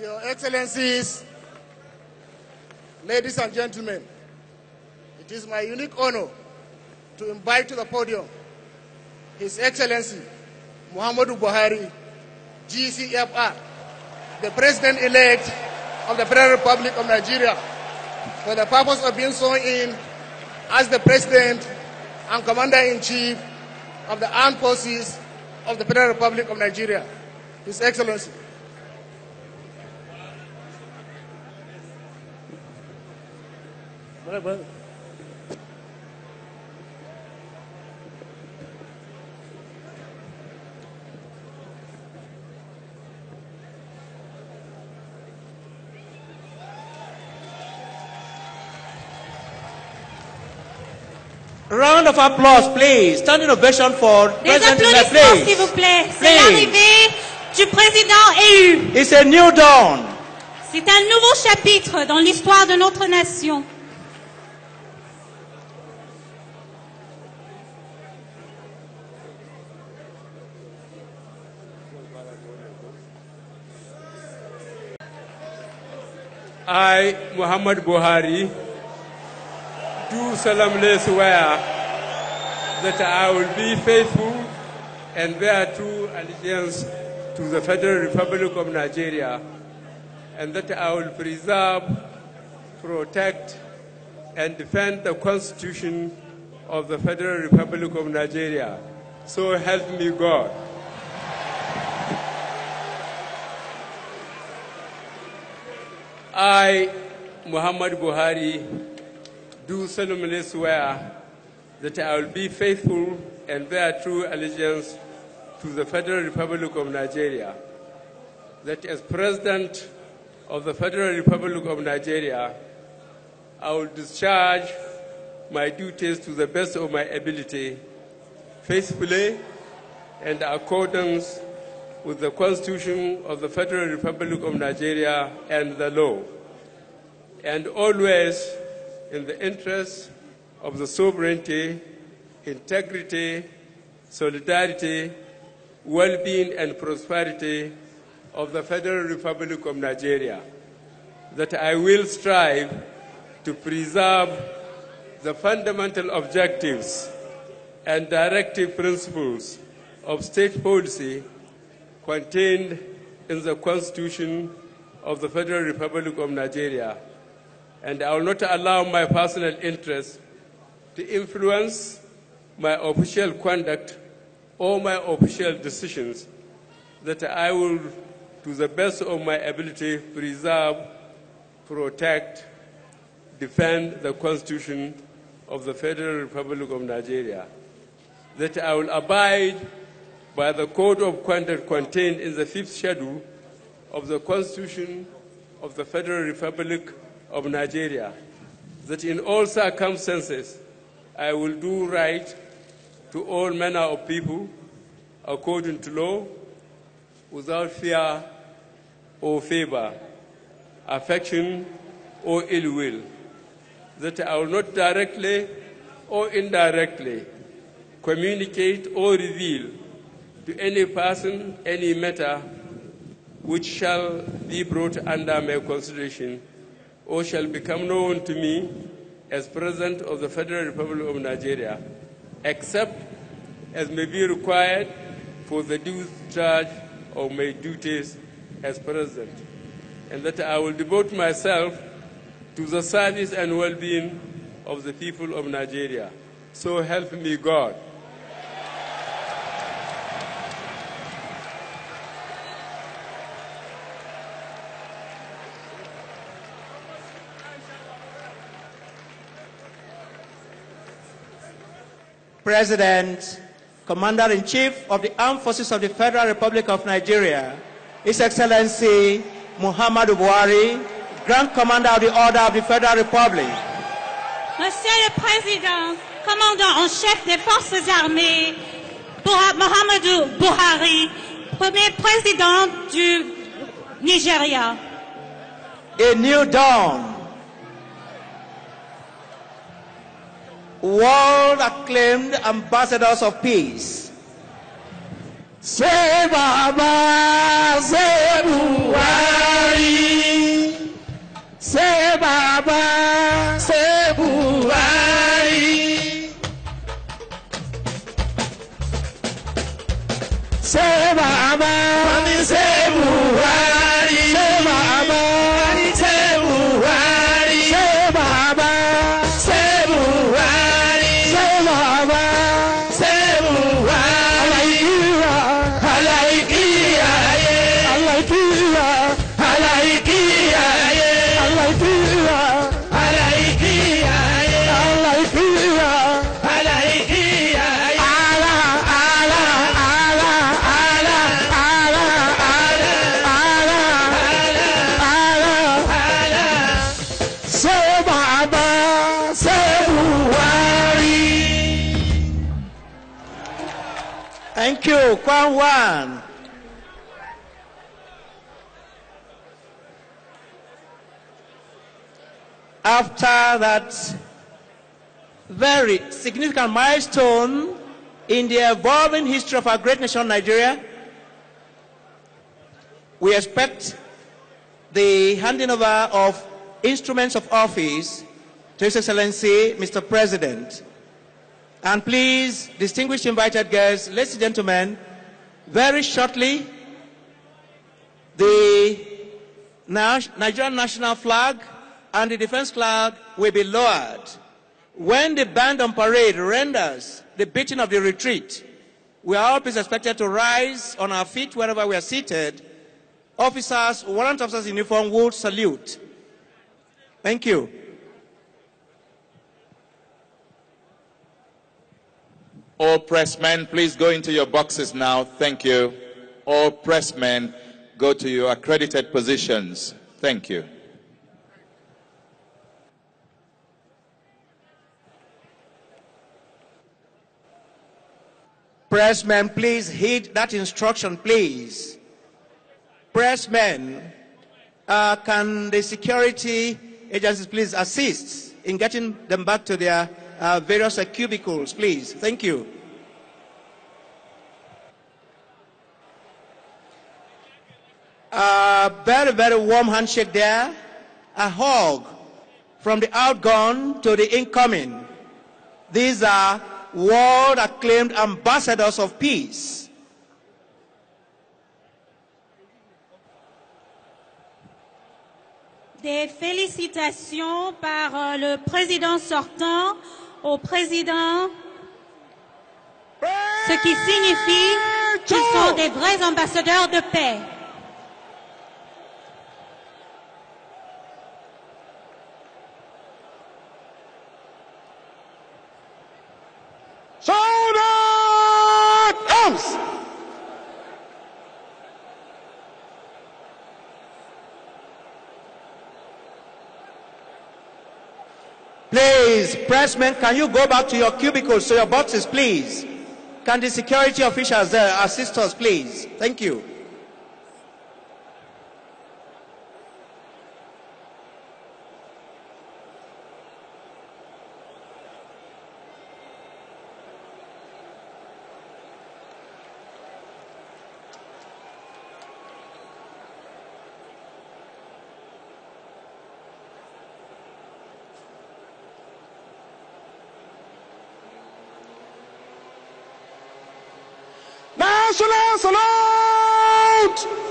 Your Excellencies, ladies and gentlemen, it is my unique honor to invite to the podium His Excellency Muhammadu Buhari, GCFR, the President-elect of the Federal Republic of Nigeria, for the purpose of being sworn in as the President and Commander-in-Chief of the Armed Forces of the Federal Republic of Nigeria. His Excellency. Round of applause, please. Standing ovation for Des applaudissements, s'il vous plaît. C'est l'arrivée du président élu. It's a new dawn. C'est un nouveau chapitre dans l'histoire de notre nation. I, Muhammad Buhari, do solemnly swear that I will be faithful and bear true allegiance to the Federal Republic of Nigeria, and that I will preserve, protect, and defend the Constitution of the Federal Republic of Nigeria. So help me God. I, Muhammad Buhari, do solemnly swear that I will be faithful and bear true allegiance to the Federal Republic of Nigeria, that as President of the Federal Republic of Nigeria, I will discharge my duties to the best of my ability, faithfully and accordance with the Constitution of the Federal Republic of Nigeria and the law, and always in the interests of the sovereignty, integrity, solidarity, well-being and prosperity of the Federal Republic of Nigeria, that I will strive to preserve the fundamental objectives and directive principles of state policy contained in the Constitution of the Federal Republic of Nigeria, and I will not allow my personal interests to influence my official conduct or my official decisions that I will, to the best of my ability, preserve, protect, defend the Constitution of the Federal Republic of Nigeria, that I will abide by the code of conduct contained in the fifth schedule of the Constitution of the Federal Republic of Nigeria, that in all circumstances I will do right to all manner of people according to law, without fear or favor, affection or ill will, that I will not directly or indirectly communicate or reveal to any person, any matter which shall be brought under my consideration or shall become known to me as President of the Federal Republic of Nigeria, except as may be required for the due charge of my duties as President, and that I will devote myself to the service and well-being of the people of Nigeria. So help me God. President, Commander-in-Chief of the Armed Forces of the Federal Republic of Nigeria, His Excellency Muhammadu Buhari, Grand Commander of the Order of the Federal Republic. Monsieur le Président, Commandant en chef des Forces armées, Mohamedou Buhari, Premier Président du Nigeria. A new dawn world acclaimed ambassadors of peace. Ṣé bàbá ṣé Buhari? Ṣé bàbá ṣé. Q, Quan Wan. After that very significant milestone in the evolving history of our great nation, Nigeria, we expect the handing over of instruments of office to His Excellency, Mr. President. And please, distinguished invited guests, ladies and gentlemen, very shortly, the Nigerian national flag and the defense flag will be lowered. When the band on parade renders the beating of the retreat, we are all expected to rise on our feet wherever we are seated. Officers, warrant officers in uniform will salute. Thank you. All pressmen, please go into your boxes now. Thank you. All pressmen, go to your accredited positions. Thank you. Pressmen, please heed that instruction, please. Pressmen, uh, can the security agencies please assist in getting them back to their uh, various uh, cubicles, please. Thank you. A very, very warm handshake there. A hug from the outgone to the incoming. These are world-acclaimed ambassadors of peace. des félicitations par euh, le président sortant au président, ce qui signifie qu'ils sont des vrais ambassadeurs de paix. Please, pressmen, can you go back to your cubicles, to your boxes, please? Can the security officials assist us, please? Thank you. salute.